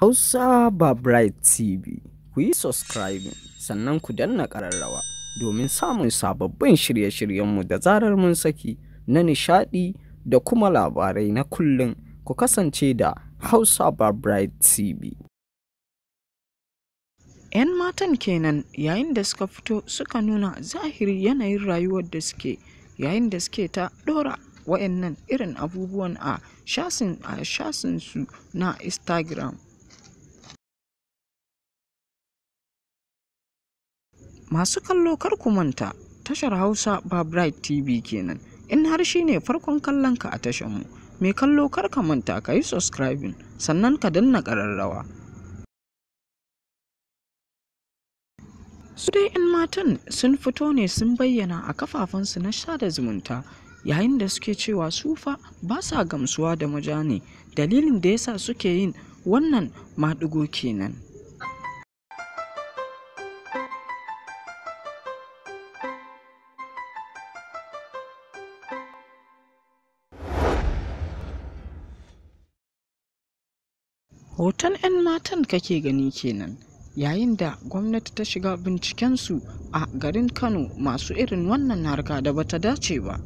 Hausa ba Bright TV, ku yi subscribe sannan ku danna ƙararrawa domin samun sababbin shirye-shiryenmu da zarar mun saki na nishaɗi da kuma labarai na kullum ku kasance da Hausa ba Bright TV. 'Yan matan kenan yayin da suka fito suka nuna zahiri yanayin rayuwar da suke yayin da suke ta ɗora wayannan irin abubuwan a shasin su na Instagram. Masu kallo kar ku manta tashar Hausa ba Bright TV kenan. In har shi ne farkon kallon ka a tashar mu, mai kallo kar ka manta ka yi subscribing sannan ka danna kararrawa. Su dai 'yan matan sun fito ne sun bayyana a su na sada zumunta yayin da suke cewa su fa ba sa gamsuwa da majani dalilin da yasa suke yin wannan maɗigo kenan. hoton 'yan matan kake gani kenan yayin da gwamnati ta shiga bincikensu a garin kano masu irin wannan harka da bata dace ba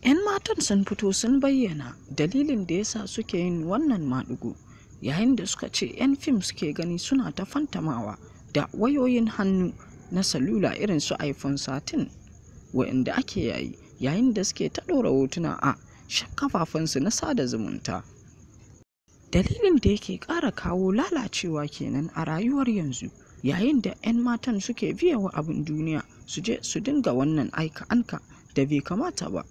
'yan matan sun fito sun bayyana dalilin da yasa suke yin wannan maɗigo yayin da suka ce 'yan fim suke gani suna ta fantamawa da wayoyin hannu na salula irin su iphone satin wa'inda ake yayi yayin da suke ta ɗora hotuna a su na sada zumunta dalilin da yake ƙara kawo lalacewa kenan a rayuwar yanzu yayin da 'yan matan suke biyawa wa abin duniya su je su dinga wannan aika-anka da bai kamata ba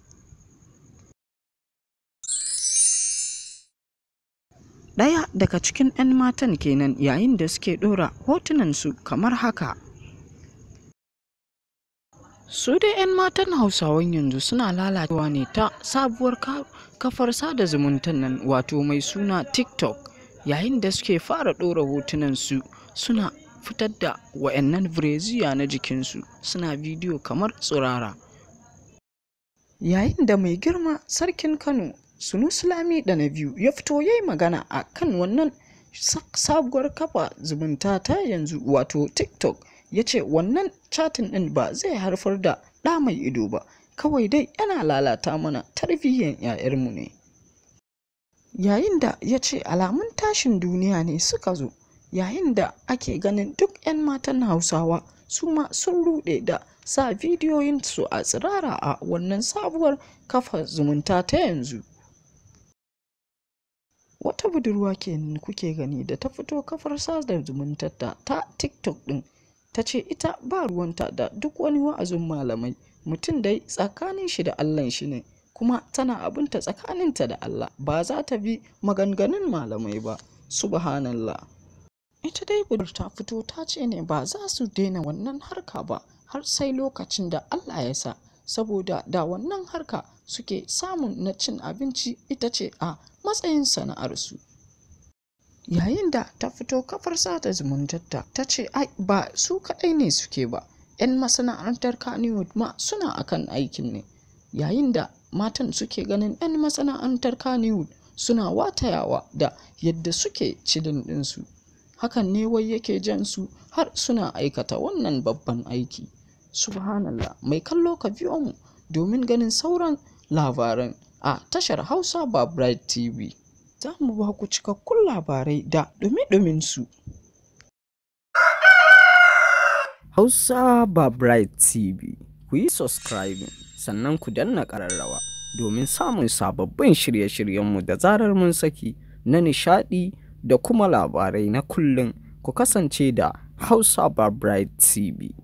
ɗaya daga cikin 'yan matan kenan yayin da suke ɗora hotunansu kamar haka su da 'yan matan hausawan yanzu suna lalacewa ne ta sabuwar kafar sada zumunta nan wato mai suna tiktok yayin da suke fara ɗora hotunan su suna fitar da wa'annan breziya na jikinsu suna bidiyo kamar tsirara yayin da mai girma sarkin kano sunu sulami da na biyu ya fito ya yi magana a kan wannan sabuwar kafa zumunta ta yanzu wato tiktok ya ce wannan chatin ɗin ba zai harfar da ɗa mai ido ba kawai dai yana lalata mana tarbiyyar 'ya'yarmu ne yayin da ya ce alamun tashin duniya ne suka zo yayin da ake ganin duk 'yan matan hausawa su ma sun rude da sa bidiyoyin su a tsirara a wannan sabuwar kafa zumunta ta yanzu wata budurwa kenan kuke gani da ta fito kafar sadar zumuntar ta tiktok din. ta ce ita ba ruwanta da duk wani wa'azin malamai mutum dai tsakanin shi da allan shi ne kuma tana abinta tsakaninta da Allah ba za ta bi maganganun malamai ba subhanallah ita dai budur ta fito ta ce ne ba za su daina wannan harka ba har sai lokacin da Allah ya sa saboda da wannan harka suke samun na cin abinci ita ce a matsayin sana'arsu yayin da ta fito kafar sata zumuntarta ta ce ai ba su kaɗai ne suke ba 'yan masana'antar kanywood ma suna akan aikin ne yayin da matan suke ganin 'yan masana'antar kannywood suna watayawa da yadda suke cilin ɗinsu hakan ne wai yake jan su har suna aikata wannan babban aiki subhanallah mai kallo ka biyo mu domin ganin sauran labaran a tashar hausa ba bright tv za mu ba ku cikakkun labarai da dumi su Hausa Babright TV, ku yi subscribing sannan ku danna ƙararrawa domin samun sababbin shirye-shiryenmu da zarar mun saki na nishaɗi da kuma labarai na kullum ku kasance da Hausa Babright TV.